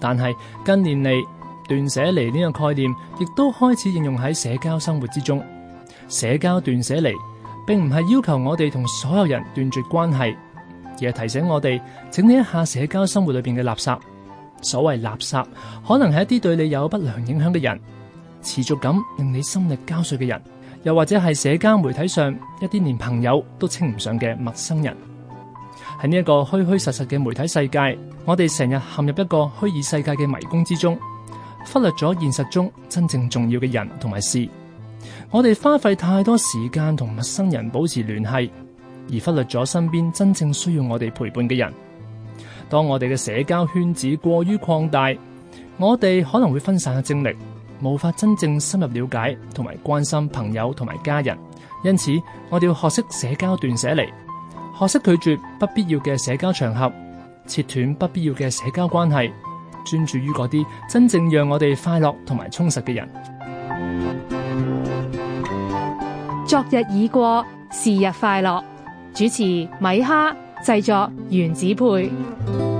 但係近年嚟，斷捨離呢個概念亦都開始應用喺社交生活之中。社交斷捨離，並唔係要求我哋同所有人斷絕關係，而係提醒我哋整理一下社交生活裏邊嘅垃圾。所謂垃圾，可能係一啲對你有不良影響嘅人，持續咁令你心力交瘁嘅人，又或者係社交媒體上一啲連朋友都稱唔上嘅陌生人。喺呢一個虛虛實實嘅媒體世界，我哋成日陷入一個虛擬世界嘅迷宮之中，忽略咗現實中真正重要嘅人同埋事。我哋花費太多時間同陌生人保持聯繫，而忽略咗身邊真正需要我哋陪伴嘅人。當我哋嘅社交圈子過於擴大，我哋可能會分散咗精力，無法真正深入了解同埋關心朋友同埋家人。因此，我哋要學識社交斷捨離。學識拒絕不必要嘅社交場合，切斷不必要嘅社交關係，專注於嗰啲真正讓我哋快樂同埋充實嘅人。昨日已過，是日快樂。主持米哈，製作原子配。